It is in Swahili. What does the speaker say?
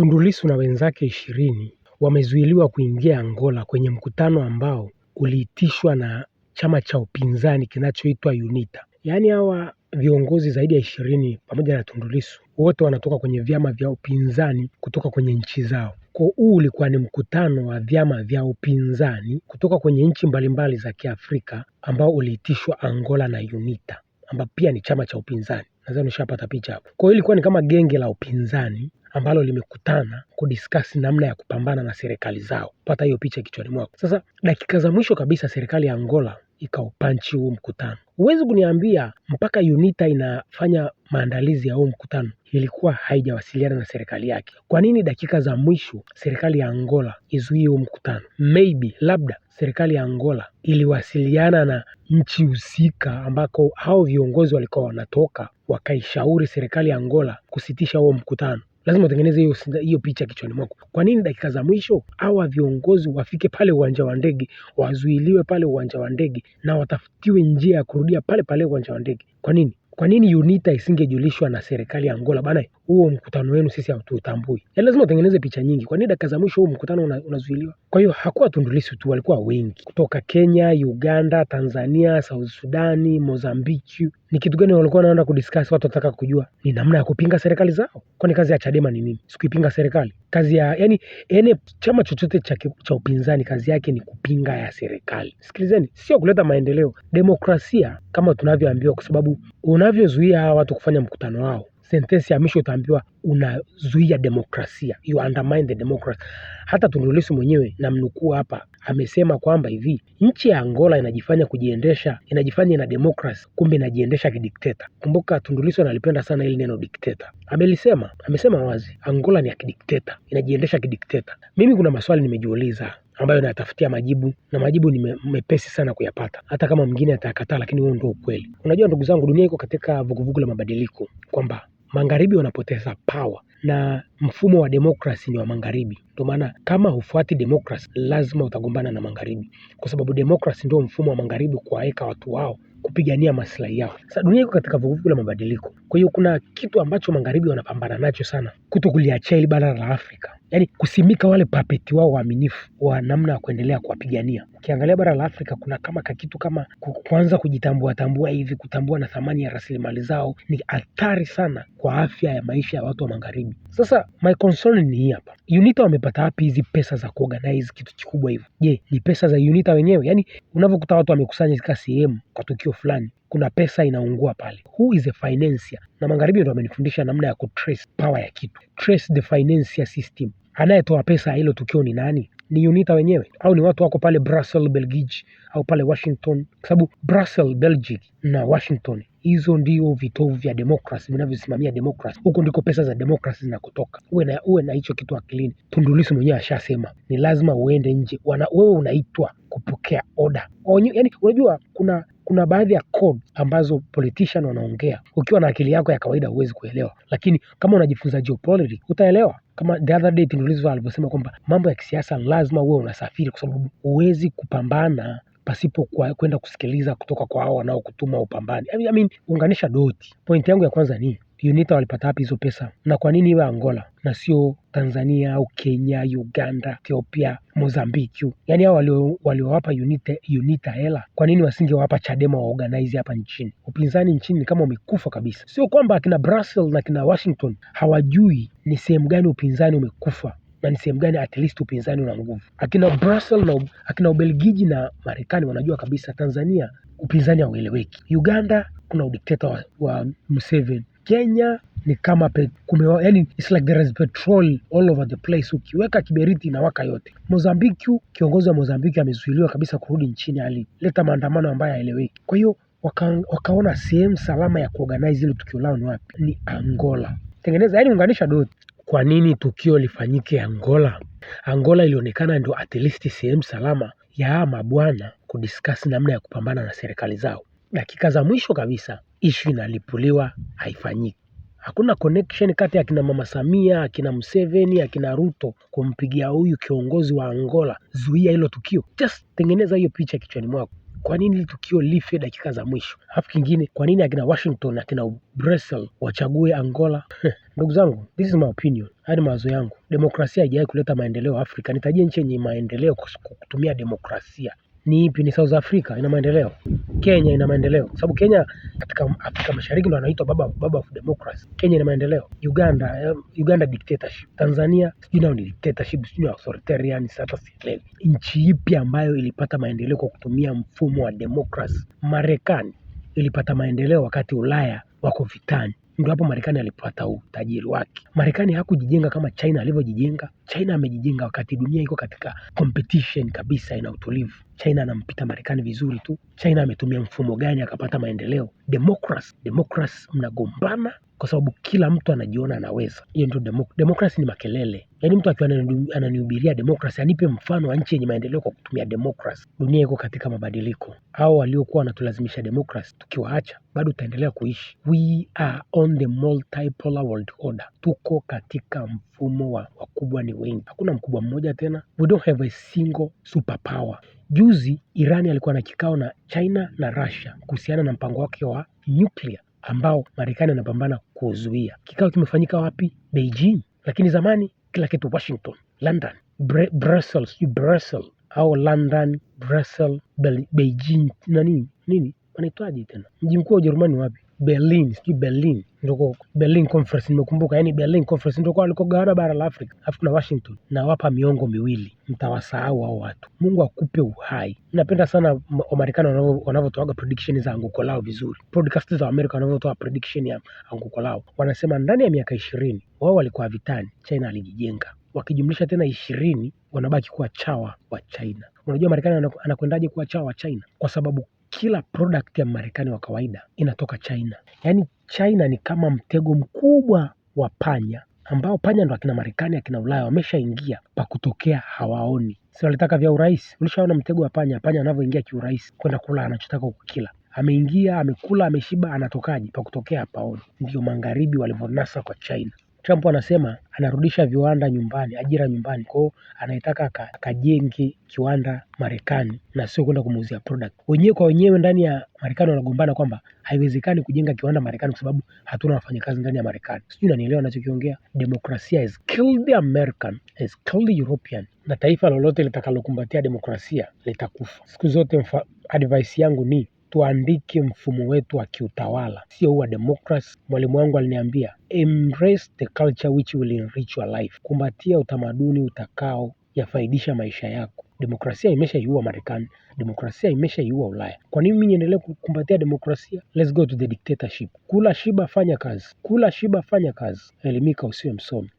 Tundu Lissu na wenzake ishirini wamezuiliwa kuingia Angola kwenye mkutano ambao uliitishwa na chama cha upinzani kinachoitwa UNITA. Yaani hawa viongozi zaidi ya ishirini pamoja na Tundu Lissu wote wanatoka kwenye vyama vya upinzani kutoka kwenye nchi zao. Kwa huu ulikuwa ni mkutano wa vyama vya upinzani kutoka kwenye nchi mbalimbali za Kiafrika ambao uliitishwa Angola na UNITA ambapo pia ni chama cha upinzani. Nadhani ushapata picha hapo. Kwa hiyo ilikuwa ni kama genge la upinzani ambalo limekutana kudiskasi namna ya kupambana na serikali zao. Pata hiyo picha kichwani mwako. Sasa dakika za mwisho kabisa serikali ya Angola ikaupanchi huu mkutano. Huwezi kuniambia mpaka UNITA inafanya maandalizi ya huu mkutano ilikuwa haijawasiliana na serikali yake. Kwa nini dakika za mwisho serikali ya Angola izuie huu mkutano? Maybe, labda serikali ya Angola iliwasiliana na nchi husika ambako hao viongozi walikuwa wanatoka, wakaishauri serikali ya Angola kusitisha huo mkutano lazima utengeneze hiyo hiyo picha kichwani mwako. Kwa nini dakika za mwisho hawa viongozi wafike pale uwanja wa ndege, wazuiliwe pale uwanja wa ndege na watafutiwe njia ya kurudia pale pale uwanja wa ndege? Kwa nini? Kwa nini UNITA isingejulishwa na serikali ya Angola bana huo mkutano wenu sisi hatutambui? Yaani lazima utengeneze picha nyingi. Kwa nini dakika za mwisho huo mkutano unazuiliwa? Kwa hiyo hakuwa Tundu Lissu tu walikuwa wengi. Kutoka Kenya, Uganda, Tanzania, South Sudani, Mozambiki. Ni kitu gani walikuwa wanaenda kudiscuss watu wanataka kujua? Ni namna ya kupinga serikali zao. Kwani kazi ya Chadema ni nini? sikuipinga serikali kazi ya, yani, ene chama chochote cha, cha upinzani kazi yake ni kupinga ya serikali. Sikilizeni, sio kuleta maendeleo. Demokrasia kama tunavyoambiwa kwa sababu unavyozuia hawa watu kufanya mkutano wao sentensi ya mwisho utaambiwa unazuia demokrasia, you undermine the democracy. Hata Tundu Lissu mwenyewe namnukuu hapa, amesema kwamba hivi nchi ya Angola inajifanya kujiendesha, inajifanya ina democracy, kumbe inajiendesha kidikteta. Kumbuka Tundu Lissu analipenda sana ili neno dikteta, amelisema amesema wazi, Angola ni ya kidikteta, inajiendesha kidikteta. Mimi kuna maswali nimejiuliza ambayo natafutia majibu na majibu ni mepesi sana kuyapata, hata kama mwingine atakataa, lakini huo ndio ukweli. Unajua ndugu zangu, dunia iko katika vuguvugu la mabadiliko, kwamba magharibi wanapoteza power na mfumo wa demokrasi ni wa magharibi. Ndio maana kama hufuati demokrasi lazima utagombana na magharibi, kwa sababu demokrasi ndio mfumo wa magharibi kuwaweka watu wao kupigania maslahi yao. Sasa dunia iko katika vuguvugu la mabadiliko, kwa hiyo kuna kitu ambacho magharibi wanapambana nacho sana, kuto kuliachia hili bara la Afrika yani kusimika wale papeti wao waaminifu wa namna ya kuendelea kuwapigania. Ukiangalia bara la Afrika kuna kama kakitu kama kuanza kujitambua tambua hivi kutambua na thamani ya rasilimali zao ni hatari sana kwa afya ya maisha ya watu wa magharibi. Sasa my concern ni hii hapa, UNITA wamepata wapi hizi pesa za kuorganize kitu kikubwa hivyo? Je, ni pesa za UNITA wenyewe? yani unavyokuta watu wamekusanya katika sehemu kwa tukio fulani, kuna pesa inaungua pale. Who is a financier? Na magharibi ndo amenifundisha namna ya kutrace power ya kitu. Trace the financier system. Anayetoa pesa hilo tukio ni nani? Ni UNITA wenyewe au ni watu wako pale Brussels, Belgiji au pale Washington, kwa sababu Brussels, Belgium na Washington hizo ndio vitovu vya demokrasi vinavyosimamia demokrasi. Huko ndiko pesa za demokrasi zinakotoka. Uwe na uwe na hicho kitu akilini. tundulisi mwenyewe ashasema ni lazima uende nje, wewe unaitwa kupokea oda. Yani unajua kuna kuna baadhi ya code ambazo politician wanaongea ukiwa na akili yako ya kawaida huwezi kuelewa, lakini kama unajifunza geopolitics utaelewa. Kama the other day Tundu alivyosema kwamba mambo ya kisiasa lazima uwe unasafiri, kwa sababu huwezi kupambana pasipo kwenda kusikiliza kutoka kwa hao wanaokutuma upambane. I mean, unganisha doti. Point yangu ya kwanza ni UNITA walipata wapi hizo pesa? Na kwa nini iwe Angola na sio Tanzania au Kenya, Uganda, Ethiopia, Mozambiki? Yaani hao waliowapa UNITA, UNITA hela kwa nini wasingewapa Chadema wa organize hapa nchini? Upinzani nchini ni kama umekufa kabisa. Sio kwamba akina Brussels na akina Washington hawajui ni sehemu gani upinzani umekufa na ni sehemu gani at least upinzani una nguvu. Akina Brussels na akina Ubelgiji na Marekani wanajua kabisa Tanzania upinzani haueleweki. Uganda kuna udikteta wa, wa Museveni Kenya ni kama kume, yani it's like there is petrol all over the place. Ukiweka kiberiti inawaka yote. Mozambiki, kiongozi wa Mozambiki amezuiliwa kabisa kurudi nchini, alileta maandamano ambayo haeleweki. Kwa hiyo waka, wakaona sehemu salama ya kuorganize ile tukio lao ni wapi? Ni Angola. Tengeneza yani, unganisha dot. Kwa nini tukio lifanyike Angola? Angola ilionekana ndio at least sehemu salama ya mabwana kudiscuss namna ya kupambana na serikali zao dakika za mwisho kabisa ishu inalipuliwa haifanyiki. Hakuna connection kati ya akina mama Samia, akina Museveni, akina Ruto kumpigia huyu kiongozi wa Angola, zuia hilo tukio. Just tengeneza hiyo picha kichwani mwako. Kwa nini tukio life dakika za mwisho? Alafu kingine, kwa nini akina Washington akina Brussels wachague Angola? Ndugu zangu, this is my opinion, haya ni mawazo yangu. Demokrasia haijawahi kuleta maendeleo Afrika. Nitajie nchi yenye maendeleo kutumia demokrasia ni ipi? Ni South Africa ina maendeleo, Kenya ina maendeleo, sababu Kenya katika Afrika Mashariki ndo anaitwa baba baba of democracy. Kenya ina maendeleo, Uganda eh, Uganda dictatorship, Tanzania sijui nao ni dictatorship, sijui authoritarian. Sasa sielewi nchi ipi ambayo ilipata maendeleo kwa kutumia mfumo wa democracy. Marekani ilipata maendeleo wakati Ulaya wako vitani. Ndio hapo Marekani alipata utajiri wake. Marekani hakujijenga kama China alivyojijenga. China amejijenga wakati dunia iko katika competition kabisa, ina utulivu. China anampita Marekani vizuri tu. China ametumia mfumo gani akapata maendeleo? Democracy, democracy mnagombana kwa sababu kila mtu anajiona anaweza. Hiyo ndio demokrasi ni makelele. Yaani mtu akiwa ananihubiria demokrasi anipe mfano wa nchi yenye maendeleo kwa kutumia demokrasi Dunia iko katika mabadiliko. Hao waliokuwa wanatulazimisha demokrasi tukiwaacha bado tutaendelea kuishi. We are on the multipolar world order. Tuko katika mfumo wa wakubwa ni wengi. Hakuna mkubwa mmoja tena. We don't have a single superpower. Juzi Irani alikuwa na kikao na China na Russia kuhusiana na mpango wake wa nuclear ambao Marekani anapambana kuzuia. Kikao kimefanyika wapi? Beijing. Lakini zamani kila kitu Washington, London, Bre Brussels, Brussels au London, Brussels, Beijing nani nini nini wanaitwaje tena mji mkuu wa Ujerumani wapi? Berlin, sijui Berlin ndio Berlin Conference nimekumbuka, yani Berlin Conference ndio kwa bara la Afrika, afu na Washington, na wapa miongo miwili, mtawasahau hao watu. Mungu akupe uhai. Napenda sana Wamarekani wanavyotoaga prediction za anguko lao vizuri, podcast za Amerika wanavyotoa prediction ya anguko lao, wanasema ndani ya miaka ishirini wao walikuwa vitani, China alijijenga wakijumlisha tena ishirini wanabaki kuwa chawa wa China. Unajua Marekani anakwendaje kuwa chawa wa China? Kwa sababu kila product ya Marekani wa kawaida inatoka China. Yaani China ni kama mtego mkubwa wa panya ambao panya ndo akina Marekani akina Ulaya wameshaingia pa kutokea hawaoni. Si walitaka vya urahisi? Ulishaona mtego wa panya, panya anavyoingia kiurahisi kwenda kula anachotaka kukila. Ameingia, amekula, ameshiba, anatokaje? Pa kutokea hapaoni. Ndio magharibi walivyonasa kwa China. Trump anasema anarudisha viwanda nyumbani, ajira nyumbani. Kwa hiyo anaitaka akajenge kiwanda Marekani na sio kwenda kumuuzia product. Wenyewe kwa wenyewe ndani ya Marekani wanagombana kwamba haiwezekani kujenga kiwanda Marekani kwa sababu hatuna wafanyakazi ndani ya Marekani. Sijui unanielewa anachokiongea Demokrasia has killed the American, has killed the European. Na taifa lolote litakalokumbatia demokrasia litakufa. Siku zote advice yangu ni tuandike mfumo wetu wa kiutawala, sio wa democracy. Mwalimu wangu aliniambia embrace the culture which will enrich your life, kumbatia utamaduni utakao yafaidisha maisha yako. Demokrasia imeshaiua Marekani, demokrasia imeshaiua Ulaya. Kwa nini mimi niendelee kukumbatia demokrasia? Let's go to the dictatorship. Kula shiba, fanya kazi, kula shiba, fanya kazi. Elimika, usiwe msomi.